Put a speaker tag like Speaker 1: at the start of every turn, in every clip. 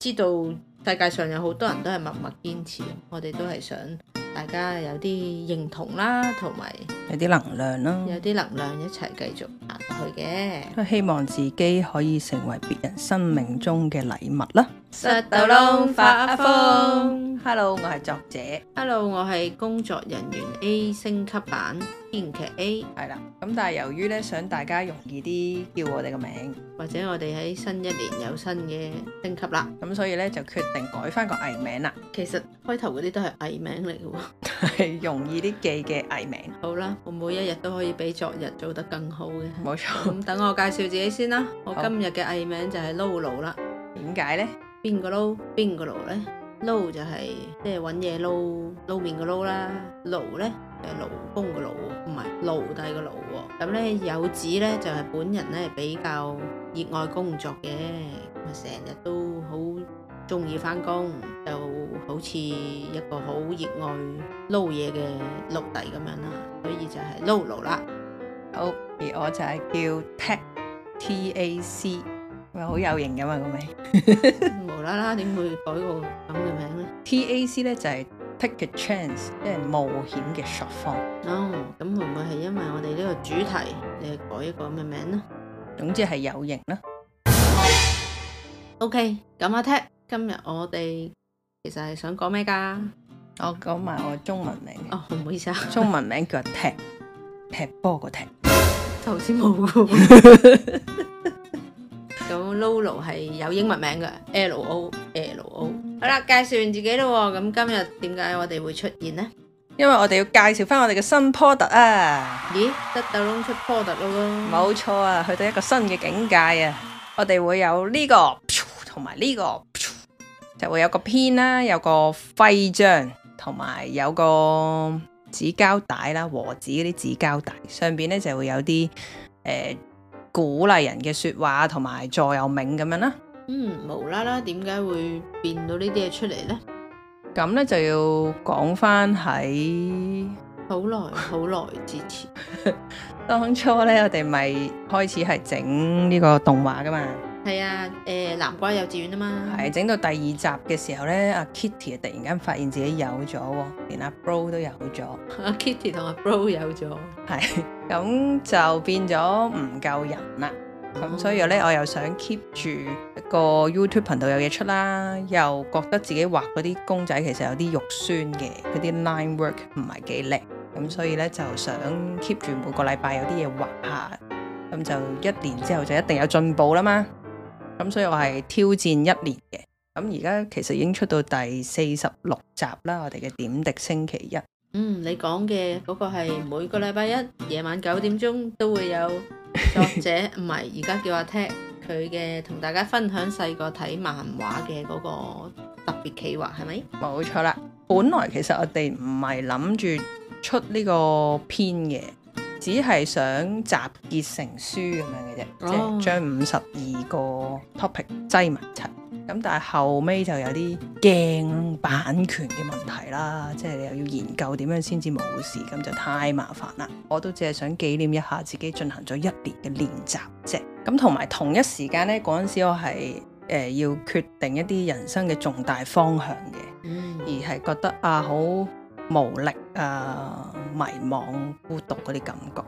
Speaker 1: 知道世界上有好多人都係默默堅持，我哋都係想。大家有啲認同啦，同埋
Speaker 2: 有啲能量啦、啊，有啲
Speaker 1: 能量一齊繼續行落去嘅。
Speaker 2: 都希望自己可以成為別人生命中嘅禮物啦。石頭窿發阿瘋
Speaker 1: ，Hello，我係作者，Hello，我係工作人員 A 升級版編劇 A 係啦。咁但係由於咧想大家容易啲叫我哋個名，或者我哋喺新一年有新嘅升級啦，咁所以咧就決定改翻個藝名啦。其實開頭嗰啲都係藝名嚟嘅。係容易啲記嘅藝名。好啦，我每一日都可以比昨日做得更好嘅，冇錯。咁等我介紹自己先啦。我今日嘅藝名就係撈勞啦。點解呢？邊個撈？邊個勞呢？撈就係即係揾嘢撈，撈麵嘅撈啦。勞呢，就係勞工嘅勞，唔係奴隸嘅奴。咁呢，有指呢，就係本人呢比較熱愛工作嘅，成日都好中意翻工。就好似一個好熱愛撈嘢嘅
Speaker 2: 陸地咁樣啦，所以就係撈佬啦。好、哦，而我就係叫 Tac，T A C，咪好有型㗎嘛個名。 無啦啦點會改個咁嘅名咧？T A C 咧就係、是、take a chance，即係冒
Speaker 1: 險嘅 short form。哦，咁會唔會係因為我哋呢個主題，你改一個咩名咧？總之係有型啦。O K，咁阿 Tac 今日我哋。其實係想講咩㗎？Oh. 我講埋我中文名哦，唔、oh,
Speaker 2: 好意思啊，中文名叫踢踢波個踢頭先冇
Speaker 1: 咁，Lolo 係有英文名嘅，L O L O。L o. 好啦，介紹完自己咯，咁今日點解我哋會出現呢？
Speaker 2: 因為我哋要介紹返我哋嘅新 product 啊！咦，得到窿出 product 咯？冇錯啊，去到一個新嘅境界啊！我哋會有呢個同埋呢個。就會有個編啦，有個徽章，同埋有個紙膠帶啦，和紙嗰啲紙膠帶上邊咧就會有啲誒鼓勵人嘅說話，同埋座右銘咁樣啦。嗯，
Speaker 1: 無啦啦，點解會變到呢啲嘢出嚟呢？
Speaker 2: 咁咧就要講返喺好耐
Speaker 1: 好耐之
Speaker 2: 前，當初咧我哋咪開始係整呢個動畫㗎嘛。係啊，誒、呃，南瓜幼稚園啊嘛，係整到第二集嘅時候咧，阿 Kitty 突然間發現自己有咗，連阿、啊、Bro 都有咗，阿 Kitty 同阿、啊、Bro 有咗，係，咁就變咗唔夠人啦，咁所以咧，哦、我又想 keep 住個 YouTube 頻道有嘢出啦，又覺得自己畫嗰啲公仔其實有啲肉酸嘅，嗰啲 line work 唔係幾叻，咁所以咧就想 keep 住每個禮拜有啲嘢畫下，咁就一年之後就一定有進步啦嘛。咁所以我係挑戰一年嘅。咁而家其實已經出到第四十六集啦。我哋嘅點滴星期一，
Speaker 1: 嗯，你講嘅嗰個係每個禮拜一夜晚九點鐘都會有作者，唔係而家叫阿 T 佢嘅，同大家分享細個睇漫畫嘅嗰
Speaker 2: 個特別企劃，係咪？冇錯啦。本來其實我哋唔係諗住出呢個篇嘅，只係想集結成書咁樣嘅啫，oh. 即係將五十二個。topic 擠埋一齊，咁但係後尾就有啲驚版權嘅問題啦，即係你又要研究點樣先至冇事，咁就太麻煩啦。我都只係想紀念一下自己進行咗一年嘅練習啫。咁同埋同一時間呢，嗰陣時我係誒、呃、要決定一啲人生嘅重大方向嘅，而係覺得啊好無力啊，迷惘孤獨嗰啲感覺。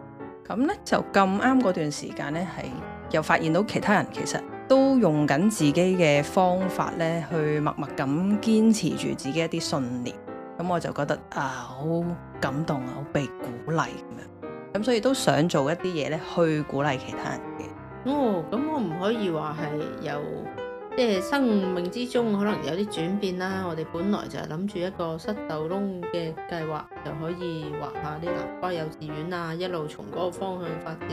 Speaker 2: 咁呢，就咁啱嗰段時間呢，係又發現到其他人其實，都用緊自己嘅方法咧，去默默咁堅持住自己一啲信念，咁我就覺得啊，好感動啊，好被鼓勵咁樣，咁所以都想做一啲嘢咧，去鼓勵其他
Speaker 1: 人嘅。哦，咁我唔可以話係由即係、就是、生命之中可能有啲轉變啦。我哋本來就係諗住一個塞豆窿嘅計劃，就可以畫下啲南瓜幼稚園啊，一路從嗰個方向發展。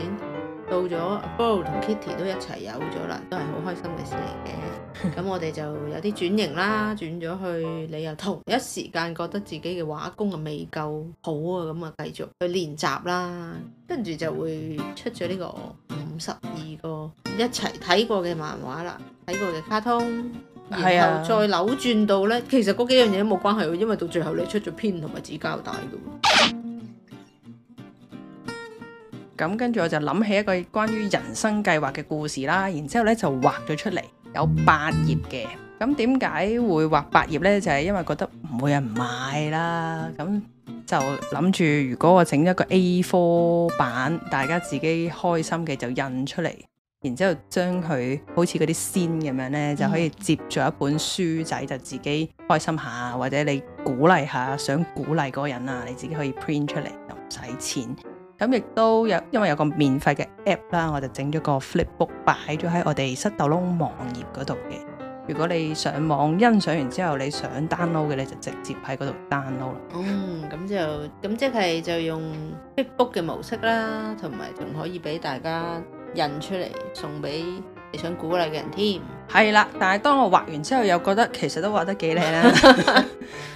Speaker 1: 到咗，阿 Bo 同 Kitty 都一齊有咗啦，都係好開心嘅事嚟嘅。咁 我哋就有啲轉型啦，轉咗去你又同一時間覺得自己嘅畫功啊未夠好啊，咁啊繼續去練習啦。跟住就會出咗呢個五十二個一齊睇過嘅漫畫啦，睇過嘅卡通，
Speaker 2: 然後再
Speaker 1: 扭轉到呢。啊、其實嗰幾樣嘢都冇關係，因為到最後你出咗篇同埋紙膠帶噶。
Speaker 2: 咁跟住我就諗起一個關於人生計劃嘅故事啦，然之後呢就畫咗出嚟，有八頁嘅。咁點解會畫八頁呢？就係、是、因為覺得唔會有人買啦。咁就諗住，如果我整一個 A4 版，大家自己開心嘅就印出嚟，然之後將佢好似嗰啲簽咁樣呢，嗯、就可以接住一本書仔，就自己開心下，或者你鼓勵下想鼓勵嗰個人啊，你自己可以 print 出嚟，又唔使錢。咁亦都有，因為有個免費嘅 app 啦，我就整咗個 Flipbook 擺咗喺我哋室竇窿網頁嗰度嘅。如果你上網欣賞完之後，你想 download 嘅你就直接喺嗰度 download 啦。
Speaker 1: 嗯，咁就咁即係就用 Flipbook 嘅模式啦，同埋仲可以俾大家
Speaker 2: 印出嚟送俾你想鼓勵嘅人添，係啦。 但係當我畫完之後，又覺得其實都畫得幾靚啦。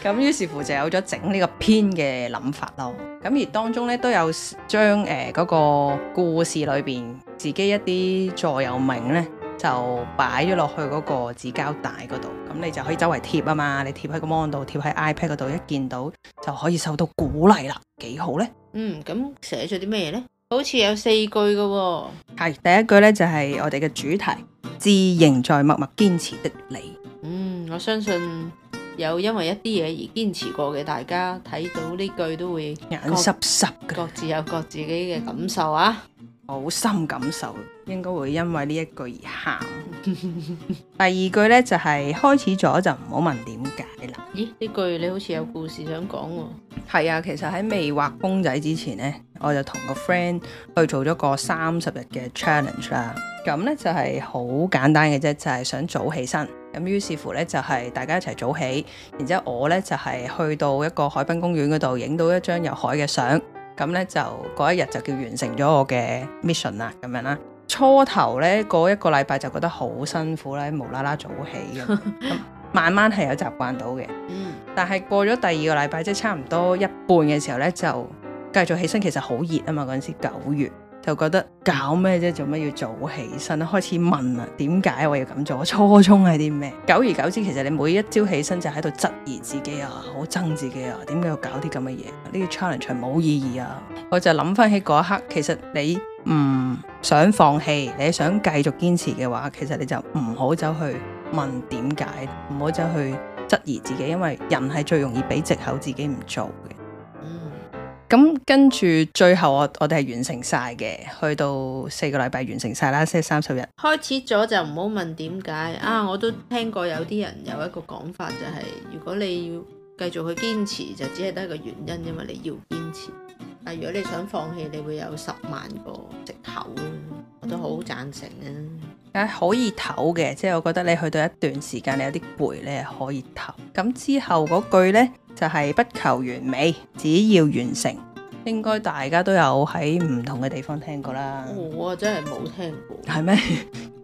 Speaker 2: 咁於 是乎就有咗整呢個篇嘅諗法咯。咁而當中呢，都有將誒嗰個故事裏邊自己一啲座右銘呢，就擺咗落去嗰個紙膠帶嗰度。咁你就可以周圍貼啊嘛，你貼喺個 mon 度，貼喺 ipad 嗰度，一見到就可以受到鼓勵啦，幾好呢？
Speaker 1: 嗯，咁寫咗啲咩呢？好似有四句嘅。哦，
Speaker 2: 係第一句呢就係、是、我哋嘅主題，自仍在默默堅持的你。
Speaker 1: 嗯，我相信有因為一啲嘢而堅持過嘅，大家睇到呢句都會
Speaker 2: 眼濕濕嘅。各自有各自己嘅感受啊，我好深感受，應該會因為呢一句而喊。 第二句呢就係、是、開始咗就唔好問點解啦。
Speaker 1: 咦，呢句你好似有故事想講喎。啊。
Speaker 2: 係啊，其實喺未畫公仔之前呢。我就同個 friend 去做咗個三十日嘅 challenge 啦，咁呢就係、是、好簡單嘅啫，就係、是、想早起身。咁於是乎呢，就係、是、大家一齊早起，然之後我呢，就係、是、去到一個海濱公園嗰度影到一張有海嘅相，咁呢，就嗰一日就叫完成咗我嘅 mission 啦，咁樣啦。初頭呢，嗰一個禮拜就覺得好辛苦啦，無啦啦早起咁，慢慢係有習慣到嘅。但係過咗第二個禮拜，即係差唔多一半嘅時候呢，就。繼續起身其實好熱啊嘛，嗰陣時九月就覺得搞咩啫，做乜要早起身？開始問啦，點解我要咁做？我初衷係啲咩？久而久之，其實你每一朝起身就喺度質疑自己啊，好憎自己啊，點解要搞啲咁嘅嘢？呢個 challenge 冇意義啊！我就諗翻起嗰一刻，其實你唔想放棄，你想繼續堅持嘅話，其實你就唔好走去問點解，唔好走去質疑自己，因為人係最容易俾藉口自己唔做嘅。咁跟住，最後我我哋係完成晒嘅，去到四個禮拜完成晒啦，即係三十日。
Speaker 1: 開始咗就唔好問點解啊！我都聽過有啲人有一個講法、就係，就係如果你要繼續去堅持，就只係得一個原因，因為你要堅持。啊！但如果你想放棄，你會有十萬個直頭我都好贊成
Speaker 2: 啊！啊，可以唞嘅，即係我覺得你去到一段時間，你有啲攰，你可以唞。咁之後嗰句呢，就係、是、不求完美，只要完成，應該大家都有喺唔同嘅地方聽過啦。
Speaker 1: 我真係冇聽
Speaker 2: 過。係咩？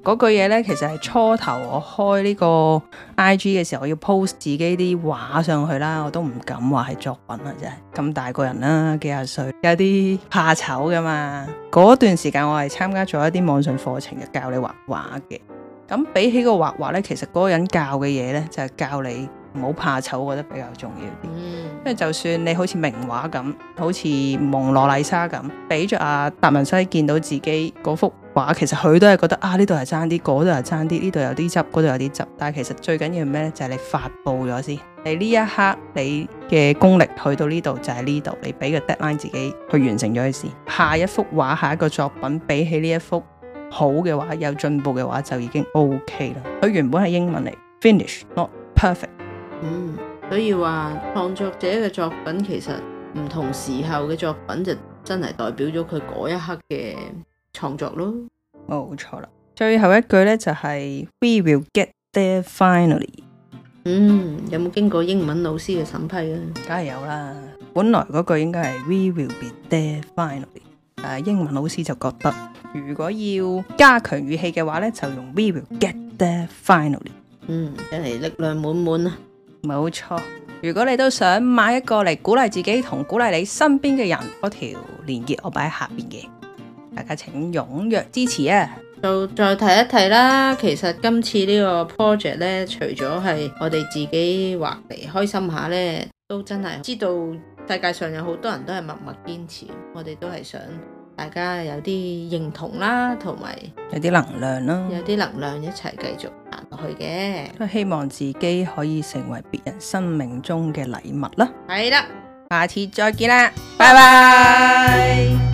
Speaker 2: 嗰句嘢咧，其實係初頭我開呢個 IG 嘅時候，我要 post 自己啲畫上去啦，我都唔敢話係作品啦，真係咁大個人啦，幾廿歲，有啲怕醜㗎嘛。嗰段時間我係參加咗一啲網上課程，就教你畫畫嘅。咁比起個畫畫咧，其實嗰個人教嘅嘢咧，就係、是、教你唔好怕醜，我覺得比較重要啲。因為、嗯、就算你好似名畫咁，好似蒙羅麗莎咁，俾着阿達文西見到自己嗰幅。話其實佢都係覺得啊呢度係爭啲，嗰度係爭啲，呢度有啲執，嗰度有啲執。但係其實最緊要係咩咧？就係、是、你發布咗先。你呢一刻你嘅功力去到呢度就係呢度，你俾個 deadline 自己去完成咗佢先。下一幅畫，下一個作品比起呢一幅好嘅話，有進步嘅話就已經 OK 啦。佢原本係英文嚟，finish not perfect。
Speaker 1: 嗯，所以話創作者嘅作品其實唔同時候嘅作品就真係代表咗佢嗰一刻嘅。創作咯，
Speaker 2: 冇錯啦。最後一句呢，就係、是、We will get there finally。嗯，有冇經過英文老師嘅審批啊？梗係有啦。本來嗰句應該係 We will be there finally，但係英文老師就覺得如果要加強語氣嘅話呢，就用 We will get there finally。嗯，真係力量滿滿啊！冇錯。如果你都想買一個嚟，鼓勵自己同鼓勵你身邊嘅人，嗰條連結，我擺喺下邊嘅。大家請踴躍支持啊！
Speaker 1: 就再提一提啦，其實今次呢個 project 咧，除咗係我哋自己畫嚟開心下咧，都真係知道世界上有好多人都係默默堅持，我哋都係想大家有啲認同啦，同埋
Speaker 2: 有啲能量啦，有啲能量一齊繼續行落去嘅。都希望自己可以成為別人生命中嘅禮物啦。係啦，下次再見啦，拜拜。拜拜。